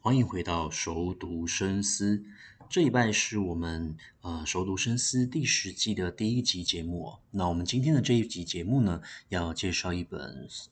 歡迎回到熟讀深思。這禮拜是我們呃熟讀深思第十季的第一集節目，哦。那我們今天的這一集節目呢，要介紹一本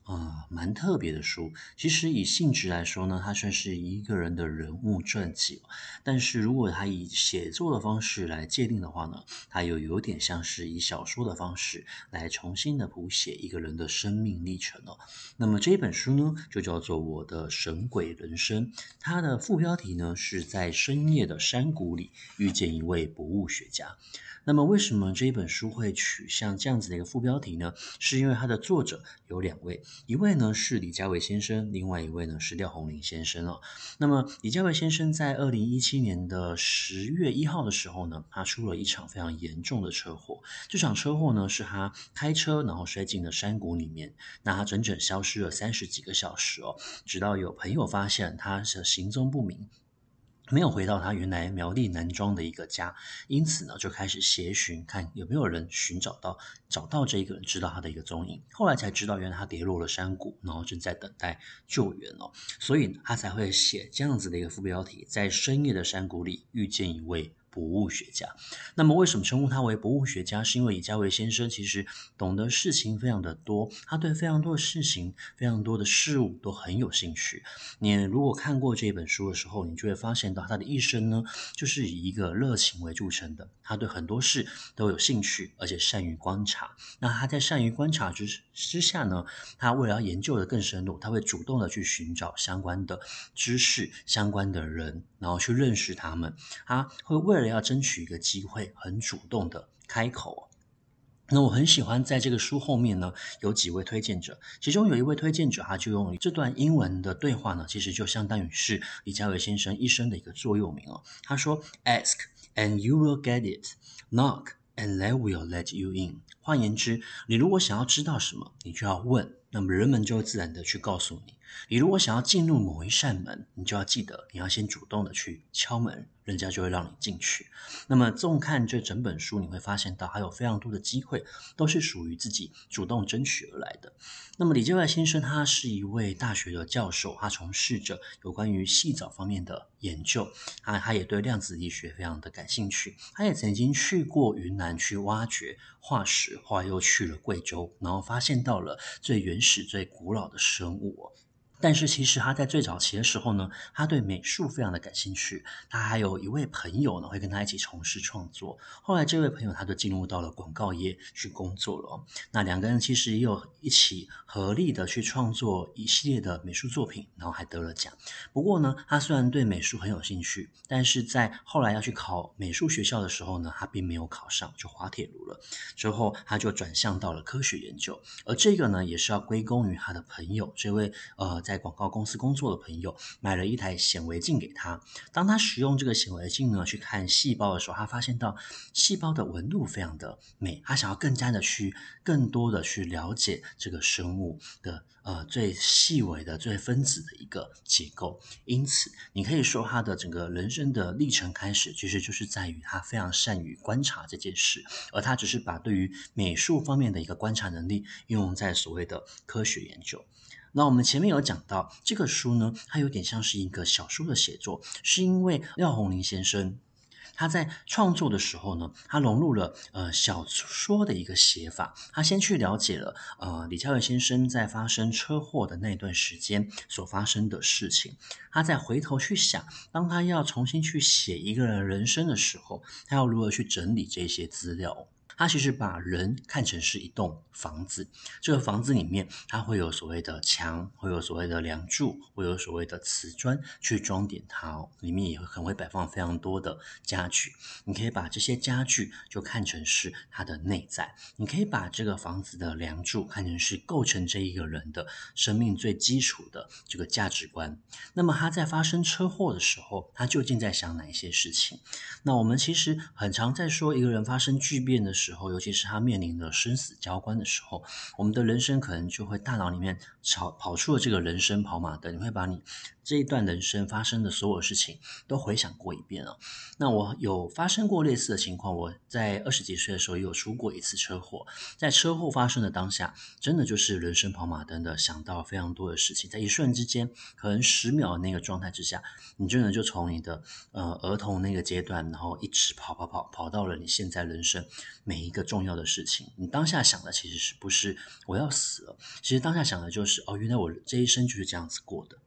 啊、呃、蠻特別的書。其實以性質來說呢，它算是一個人的人物傳記。但是如果它以寫作的方式來界定的話呢，它又有點像是以小說的方式來重新的譜寫一個人的生命歷程了，哦。那麼這一本書呢，就叫做《我的神鬼人生》，它的副標題呢是在深夜的山谷，谷裡，遇見一位博物學家。那麼，為什麼這一本書會取像這樣子的一個副標題呢？是因為它的作者有兩位，一位呢是李家維先生，另外一位呢是廖宏霖先生哦，那麼，李家維先生在二零一七年的十月一號的時候呢，他出了一場非常嚴重的車禍。這場車禍呢，是他開車然後摔進了山谷裡面，那他整整消失了三十幾個小時哦，直到有朋友發現他的行蹤不明。沒有回到他原來苗栗南莊的一個家，因此呢，就開始協尋，看有沒有人尋找到，找到這一個人，知道他的一個蹤影。後來才知道，原來他跌落了山谷，然後正在等待救援哦，所以他才會寫這樣子的一個副標題：在深夜的山谷裡遇見一位。博物學家，那麼為什麼稱呼他為博物學家？是因為李家維先生其實懂得事情非常的多，他對非常多的事情、非常多的事物都很有興趣。你如果看過這本書的時候，你就會發現到他的一生呢，就是以一個熱情為著稱的。他對很多事都有興趣，而且善於觀察。那他在善於觀察之時。私下呢，他為了要研究的更深入，他會主動的去尋找相關的知識、相關的人，然後去認識他們。他會為了要爭取一個機會，很主動的開口。那我很喜歡在這個書後面呢，有幾位推薦者，其中有一位推薦者，他就用這段英文的對話呢，其實就相當於是李家維先生一生的一個座右銘哦。他說：“Ask and you will get it. Knock.” And that will let you in。換言之，你如果想要知道什麼，你就要問，那麼人們就會自然地去告訴你。你如果想要進入某一扇門，你就要記得，你要先主動的去敲門，人家就會讓你進去。那麼，縱看這整本書，你會發現到還有非常多的機會都是屬於自己主動爭取而來的。那麼，李建外先生他是一位大學的教授，他從事着有關於細藻方面的研究，他他也對量子力學非常的感興趣。他也曾經去過雲南去挖掘化石，後來又去了貴州，然後發現到了最原始、最古老的生物。但是其實他在最早期的時候呢，他對美術非常的感興趣。他還有一位朋友呢，會跟他一起從事創作。後來這位朋友他就進入到了廣告業去工作了哦。那兩個人其實也有一起合力的去創作一系列的美術作品，然後還得了獎。不過呢，他雖然對美術很有興趣，但是在後來要去考美術學校的時候呢，他並沒有考上，就滑鐵盧了。之後他就轉向到了科學研究。而這個呢，也是要歸功於他的朋友這位呃。在廣告公司工作的朋友買了一台顯微鏡給他。當他使用這個顯微鏡呢去看細胞的時候，他發現到細胞的紋路非常的美。他想要更加的去、更多的去了解這個生物的呃最細微的、最分子的一個結構。因此，你可以說他的整個人生的歷程開始，其實就是在於他非常善於觀察這件事，而他只是把對於美術方面的一個觀察能力運用在所謂的科學研究。那我們前面有講到，這個書呢，它有點像是一個小說的寫作，是因為廖宏霖先生他在創作的時候呢，他融入了呃小說的一個寫法，他先去了解了呃李家維先生在發生車禍的那段時間所發生的事情，他再回頭去想，當他要重新去寫一個人人生的時候，他要如何去整理這些資料。他其實把人看成是一棟房子，這個房子裡面他會有所謂的牆，會有所謂的樑柱，會有所謂的瓷磚去裝點它哦，裡面也會很會擺放非常多的家具。你可以把這些家具就看成是他的內在。你可以把這個房子的樑柱看成是構成這一個人的生命最基礎的這個價值觀。那麼他在發生車禍的時候，他究竟在想哪一些事情？那我們其實很常在說一個人發生巨變的時候。時候，尤其是他面臨的生死交關的時候，我們的人生可能就會大腦裡面跑跑出了這個人生跑馬燈，你會把你這一段人生發生的所有事情都回想過一遍了。那我有發生過類似的情況，我在二十幾歲的時候也有出過一次車禍。在車禍發生的當下，真的就是人生跑馬燈的，想到了非常多的事情，在一瞬之間，可能十秒的那個狀態之下，你真的就從你的呃兒童那個階段，然後一直跑跑跑跑到了你現在人生每一個重要的事情。你當下想的其實是不是我要死了？其實當下想的就是哦，原來我這一生就是這樣子過的。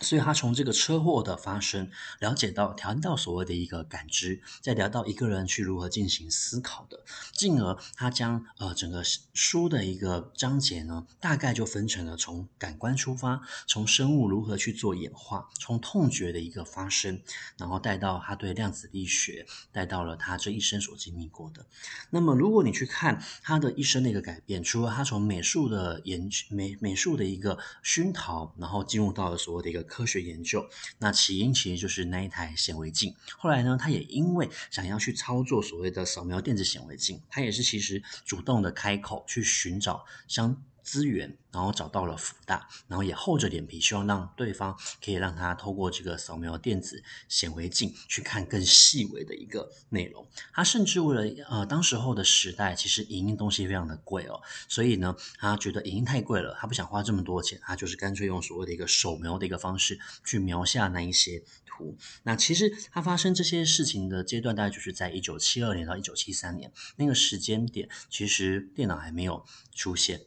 所以他從這個車禍的發生，了解到，調到所謂的一個感知，再聊到一個人去如何進行思考的，進而他將呃整個書的一個章節呢，大概就分成了從感官出發，從生物如何去做演化，從痛覺的一個發生，然後帶到他對量子力學，帶到了他這一生所經歷過的。那麼如果你去看他的一生的一個改變，除了他從美術的研，美美術的一個熏陶，然後進入到了所謂的一個。科學研究，那起因其實就是那一台顯微鏡。後來呢，他也因為想要去操作所謂的掃描電子顯微鏡，他也是其實主動的開口去尋找相。資源，然後找到了輔大，然後也厚着臉皮，希望讓對方可以讓他透過這個掃描電子顯微鏡去看更細微的一個內容。他甚至為了呃，當時候的時代，其實影印東西非常的貴哦，所以呢，他覺得影印太貴了，他不想花這麼多錢，他就是乾脆用所謂的一個手描的一個方式去描下那一些圖。那其實他發生這些事情的階段，大概就是在一九七二年到一九七三年那個時間點，其實電腦還沒有出現。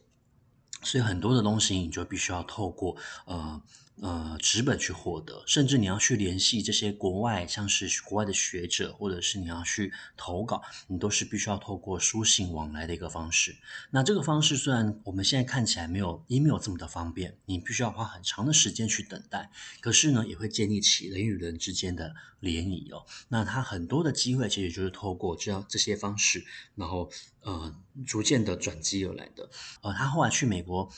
所以很多的東西，你就必須要透過呃。呃，紙本去獲得，甚至你要去聯繫這些國外，像是國外的學者，或者是你要去投稿，你都是必須要透過書信往來的一個方式。那這個方式雖然我們現在看起來沒有 email 這麼的方便，你必須要花很長的時間去等待，可是呢，也會建立起人與人之間的聯誼哦。那他很多的機會，其實就是透過這樣這些方式，然後呃，逐漸的轉機而來的。呃，他後來去美國。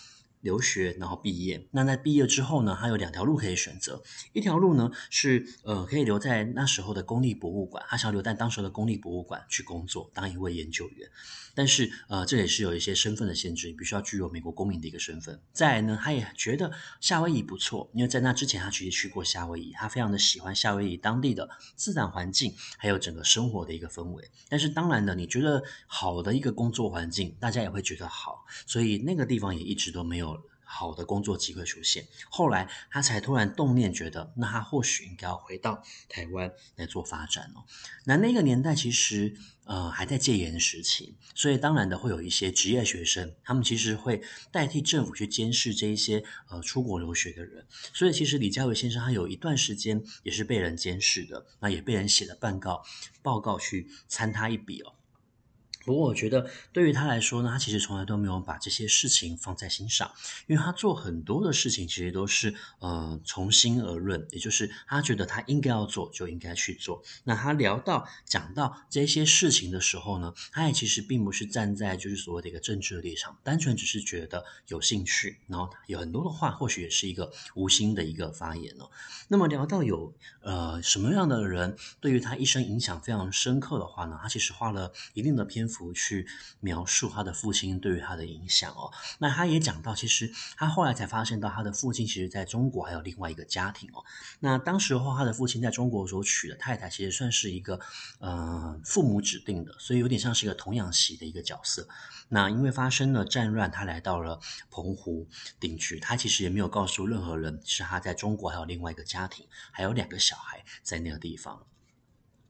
留學，然後畢業。那在畢業之後呢，他有兩條路可以選擇。一條路呢是，呃，可以留在那時候的公立博物館，他想留在當時的公立博物館去工作，當一位研究員。但是，呃，這也是有一些身份的限制，你必須要具有美國公民的一個身份。再來呢，他也覺得夏威夷不錯，因為在那之前他其實去過夏威夷，他非常的喜歡夏威夷當地的自然環境，還有整個生活的一個氛圍。但是當然呢，你覺得好的一個工作環境，大家也會覺得好，所以那個地方也一直都沒有。好的工作機會出現，後來他才突然動念，覺得那他或許應該要回到台灣來做發展哦。那那個年代其實呃還在戒嚴時期，所以當然的會有一些職業學生，他們其實會代替政府去監視這些呃出國留學的人。所以其實李家維先生他有一段時間也是被人監視的，那也被人寫了報告報告去參他一筆哦。不過我覺得，對於他來說呢，他其實從來都沒有把這些事情放在心上，因為他做很多的事情其實都是呃從心而論，也就是他覺得他應該要做就應該去做。那他聊到講到這些事情的時候呢，他也其實並不是站在就是所謂的一個政治的立場，單純只是覺得有興趣，然後有很多的話或許也是一個無心的一個發言了，哦。那麼聊到有呃什麼樣的人對於他一生影響非常深刻的話呢，他其實花了一定的篇幅。去描述他的父親對於他的影響哦，那他也講到，其實他後來才發現到他的父親其實在中國還有另外一個家庭哦。那當時候，他的父親在中國所娶的太太，其實算是一個呃父母指定的，所以有點像是一個童養媳的一個角色。那因為發生了戰亂，他來到了澎湖定居，他其實也沒有告訴任何人，是他在中國還有另外一個家庭，還有兩個小孩在那個地方。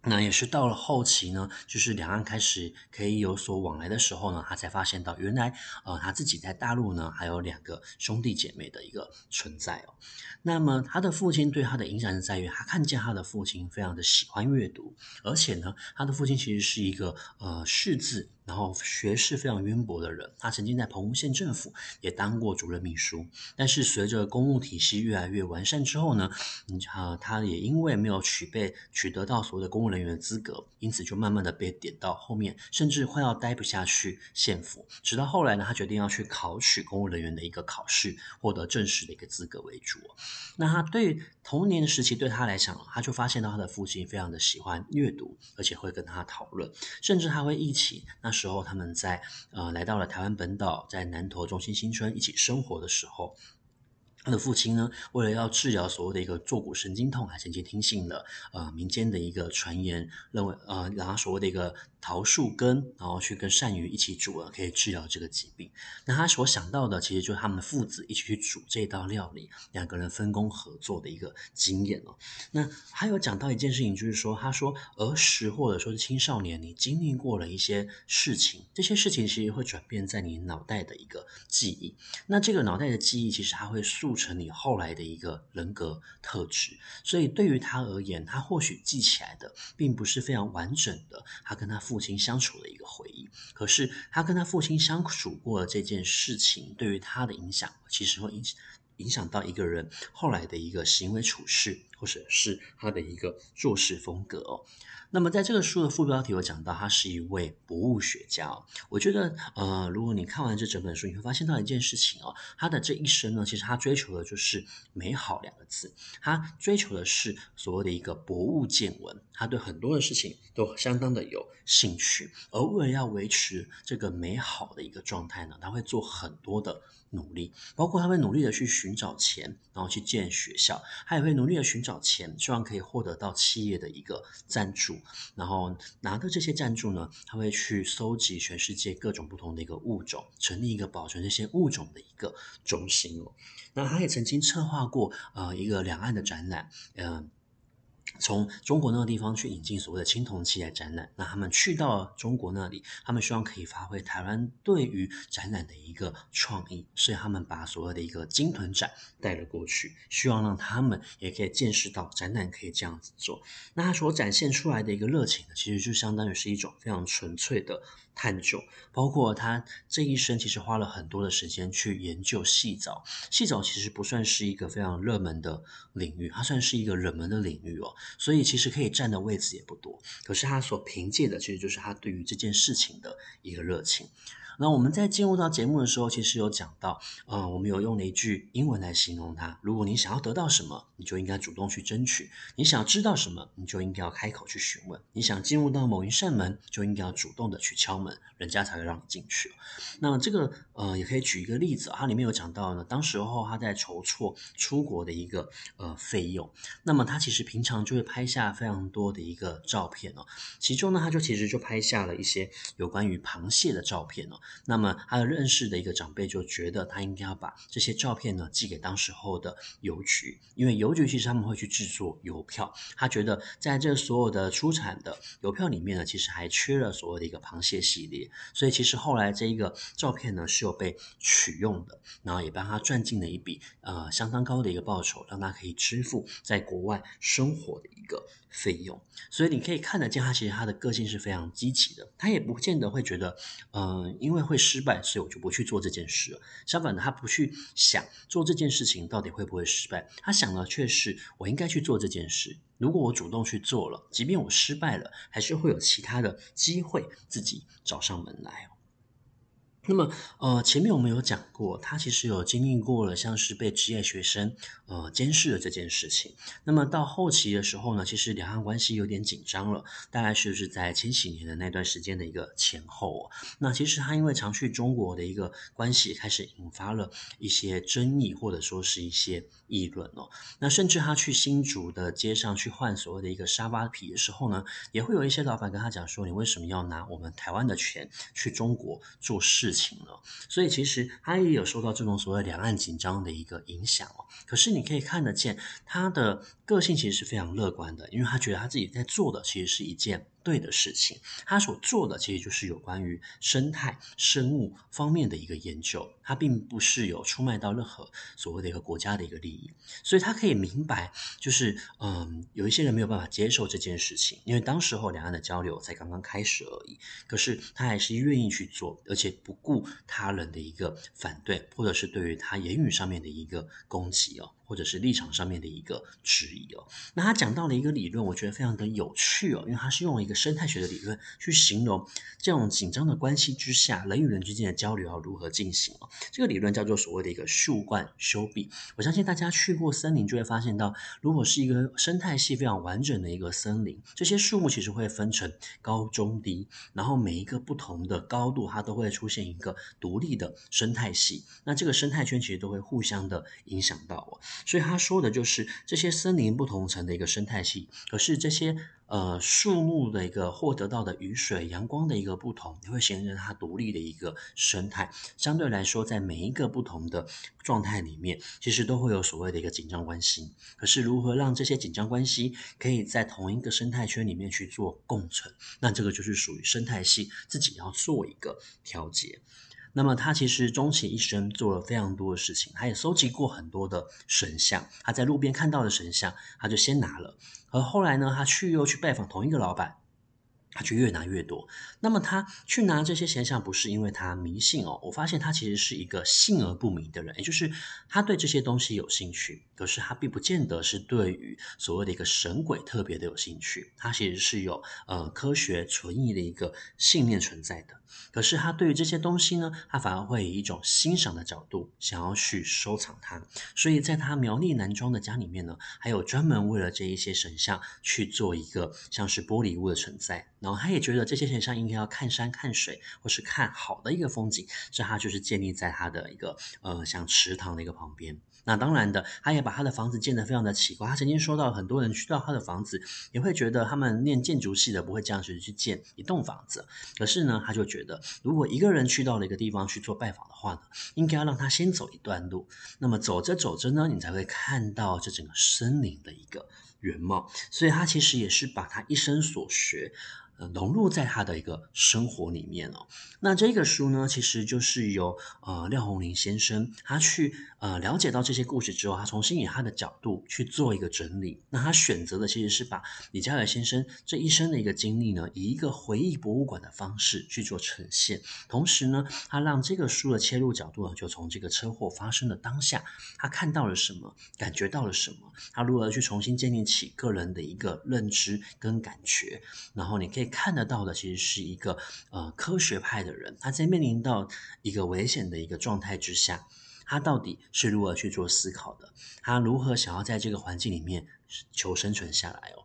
那也是到了後期呢，就是兩岸開始可以有所往來的時候呢，他才發現到原來，呃，他自己在大陸呢還有兩個兄弟姐妹的一個存在哦。那麼他的父親對他的影響是在於，他看見他的父親非常的喜歡閱讀，而且呢，他的父親其實是一個呃識字，然後學識非常淵博的人，他曾經在澎湖縣政府也當過主任秘書。但是隨着公務體系越來越完善之後呢，嗯呃、他也因為沒有取備取得到所謂的公務人員的資格，因此就慢慢的被貶到後面，甚至快要待不下去，縣府。直到後來呢，他決定要去考取公務人員的一個考試，獲得正式的一個資格為主。那他對童年時期對他來講，他就發現到他的父親非常的喜歡閱讀，而且會跟他討論，甚至他會一起那。時候，他們在呃來到了台灣本島，在南投中心新村一起生活的時候，他的父親呢，為了要治療所謂的一個坐骨神經痛，還曾經聽信了呃民間的一個傳言，認為呃拿所謂的一個。桃樹根，然後去跟鱔魚一起煮了，可以治療這個疾病。那他所想到的，其實就是他們父子一起去煮這道料理，兩個人分工合作的一個經驗哦。那還有講到一件事情，就是說，他說兒時或者說是青少年，你經歷過了一些事情，這些事情其實會轉變在你腦袋的一個記憶。那這個腦袋的記憶，其實它會塑成你後來的一個人格特質。所以對於他而言，他或許記起來的，並不是非常完整的，他跟他父父親相處的一個回憶，可是他跟他父親相處過的這件事情，對於他的影響，其實會影響。影響到一個人後來的一個行為處事，或者是他的一個做事風格哦。那麼，在這個書的副標題我講到，他是一位博物學家哦。我覺得，呃，如果你看完這整本書，你會發現到一件事情哦，他的這一生呢，其實他追求的就是“美好”兩個字。他追求的是所謂的一個博物見聞，他對很多的事情都相當的有興趣。而為了要維持這個美好的一個狀態呢，他會做很多的。努力，包括他會努力的去尋找錢，然後去建學校，他也會努力的尋找錢，希望可以獲得到企業的一個贊助。然後拿到這些贊助呢，他會去蒐集全世界各種不同的一個物種，成立一個保存這些物種的一個中心哦。那他也曾經策劃過呃一個兩岸的展覽，嗯、呃。從中國那個地方去引進所謂的青銅器來展覽，那他們去到中國那裡，他們希望可以發揮台灣對於展覽的一個創意，所以他們把所謂的一個鯨豚展帶了過去，希望讓他們也可以見識到展覽可以這樣子做。那他所展現出來的一個熱情呢，其實就相當於是一種非常純粹的。探究，包括他這一生其實花了很多的時間去研究細藻。細藻其實不算是一個非常熱門的領域，它算是一個冷門的領域哦。所以其實可以站的位置也不多。可是他所憑借的，其實就是他對於這件事情的一個熱情。那我們在進入到節目的時候，其實有講到，呃，我們有用了一句英文來形容它。如果你想要得到什麼，你就應該主動去爭取；你想要知道什麼，你就應該要開口去詢問；你想進入到某一扇門，就應該要主動的去敲門，人家才會讓你進去。那這個，呃，也可以舉一個例子，它裡面有講到呢，當時候他在籌措出國的一個呃費用，那麼他其實平常就會拍下非常多的一個照片哦，其中呢，他就其實就拍下了一些有關於螃蟹的照片哦。那麼他的認識的一個長輩就覺得他應該要把這些照片呢寄給當時候的郵局，因為郵局其實他們會去製作郵票。他覺得在這所有的出產的郵票裡面呢，其實還缺了所有的一個螃蟹系列。所以其實後來這一個照片呢是有被取用的，然後也幫他賺進了一筆呃相當高的一個報酬，讓他可以支付在國外生活的一個費用。所以你可以看得見他其實他的個性是非常積極的，他也不見得會覺得嗯，因為。因為會失敗，所以我就不去做這件事了。相反的，他不去想做這件事情到底會不會失敗，他想的卻是我應該去做這件事。如果我主動去做了，即便我失敗了，還是會有其他的機會自己找上門來。那麼，呃，前面我們有講過，他其實有經歷過了像是被職業學生呃監視的這件事情。那麼到後期的時候呢，其實兩岸關係有點緊張了，大概是是在千禧年的那段時間的一個前後哦？那其實他因為常去中國的一個關係，開始引發了一些爭議，或者說是一些議論哦。那甚至他去新竹的街上去換所謂的一個沙發皮的時候呢，也會有一些老闆跟他講說：“你為什麼要拿我們台灣的錢去中國做事？”情了，所以其實他也有受到這種所謂兩岸緊張的一個影響哦。可是你可以看得見，他的個性其實是非常樂觀的，因為他覺得他自己在做的其實是一件對的事情，他所做的其實就是有關於生態生物方面的一個研究，他並不是有出賣到任何所謂的一個國家的一個利益，所以他可以明白，就是嗯，有一些人沒有辦法接受這件事情，因為當時候兩岸的交流才剛剛開始而已，可是他還是願意去做，而且不顧他人的一個反對，或者是對於他言語上面的一個攻擊哦。或者是立場上面的一個質疑哦，那他講到了一個理論，我覺得非常的有趣哦，因為他是用一個生態學的理論去形容這種緊張的關係之下，人與人之間的交流要如何進行哦。這個理論叫做所謂的一個樹冠羞避。我相信大家去過森林就會發現到，如果是一個生態系非常完整的一個森林，這些樹木其實會分成高中低，然後每一個不同的高度，它都會出現一個獨立的生態系。那這個生態圈其實都會互相的影響到哦。所以他說的就是這些森林不同層的一個生態系，可是這些呃樹木的一個獲得到的雨水、陽光的一個不同，也會形成它獨立的一個生態。相對來說，在每一個不同的狀態裡面，其實都會有所謂的一個緊張關係。可是如何讓這些緊張關係可以在同一個生態圈裡面去做共存？那這個就是屬於生態系，自己要做一個調節。那麼他其實終其一生做了非常多的事情，他也收集過很多的神像，他在路邊看到的神像，他就先拿了，而後來呢，他去又去拜訪同一個老闆，他就越拿越多。那麼他去拿這些神像，不是因為他迷信哦，我發現他其實是一個信而不迷的人，也就是他對這些東西有興趣。可是他並不見得是對於所謂的一個神鬼特別的有興趣，他其實是有呃科學存疑的一個信念存在的。可是他對於這些東西呢，他反而會以一種欣賞的角度想要去收藏它。所以在他苗栗南莊的家裡面呢，還有專門為了這一些神像去做一個像是玻璃屋的存在。然後他也覺得這些神像應該要看山看水或是看好的一個風景，所以他就是建立在他的一個呃像池塘的一個旁邊。那當然的，他也把他的房子建得非常的奇怪。他曾經說到，很多人去到他的房子，也會覺得他們念建築系的不會這樣子去建一棟房子。可是呢，他就覺得，如果一個人去到了一個地方去做拜訪的話呢，應該要讓他先走一段路。那麼走着走着呢，你才會看到這整個森林的一個原貌。所以他其實也是把他一生所學。呃，融入在他的一個生活裡面哦。那這個書呢，其實就是由呃廖鴻林先生他去呃了解到這些故事之後，他重新以他的角度去做一個整理。那他選擇的其實是把李嘉爾先生這一生的一個經歷呢，以一個回憶博物館的方式去做呈現。同時呢，他讓這個書的切入角度呢，就從這個車禍發生的當下，他看到了什麼，感覺到了什麼，他如何去重新建立起個人的一個認知跟感覺，然後你可以。看得到的其實是一個呃科學派的人，他在面臨到一個危險的一個狀態之下，他到底是如何去做思考的？他如何想要在這個環境裡面求生存下來哦。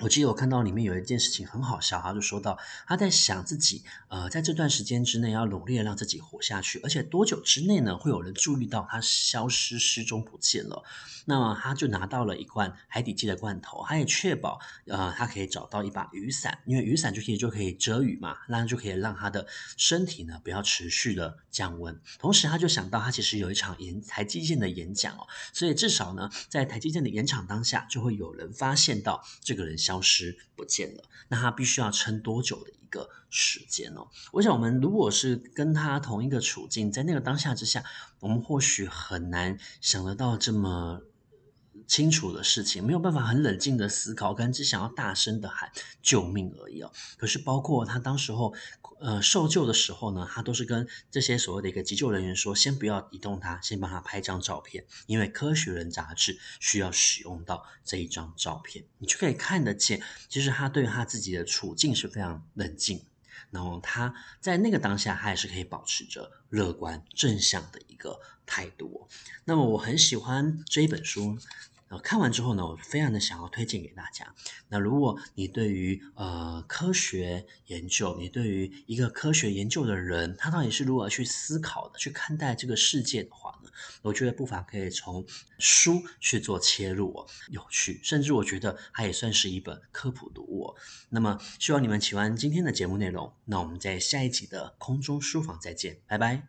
我記得我看到裡面有一件事情很好笑，他就說到他在想自己，呃，在這段時間之內要努力的讓自己活下去，而且多久之內呢，會有人注意到他消失、失蹤、不見了？那麼他就拿到了一罐海底雞的罐頭，他也確保，呃，他可以找到一把雨傘，因為雨傘就可以就可以遮雨嘛，那就可以讓他的身體呢不要持續的降溫。同時，他就想到他其實有一場演台積電的演講哦，所以至少呢，在台積電的演講當下，就會有人發現到這個人。消失不見了，那他必須要撐多久的一個時間呢、哦？我想，我們如果是跟他同一個處境，在那個當下之下，我們或許很難想得到這麼清楚的事情，沒有辦法很冷靜的思考，跟只想要大聲的喊救命而已哦。可是，包括他當時候。呃，受救的時候呢，他都是跟這些所謂的一個急救人員說，先不要移動他，先幫他拍張照片，因為《科學人》雜誌需要使用到這一張照片，你就可以看得見，其實他對他自己的處境是非常冷靜，然後他在那個當下，他也是可以保持着樂觀正向的一個態度。那麼我很喜歡這一本書。呃，看完之後呢，我非常的想要推薦給大家。那如果你對於呃科學研究，你對於一個科學研究的人，他到底是如何去思考的，去看待這個世界的話呢，我覺得不妨可以從書去做切入哦，有趣，甚至我覺得它也算是一本科普讀物。那麼，希望你們喜歡今天的節目內容。那我們在下一集的空中書房再見，拜拜。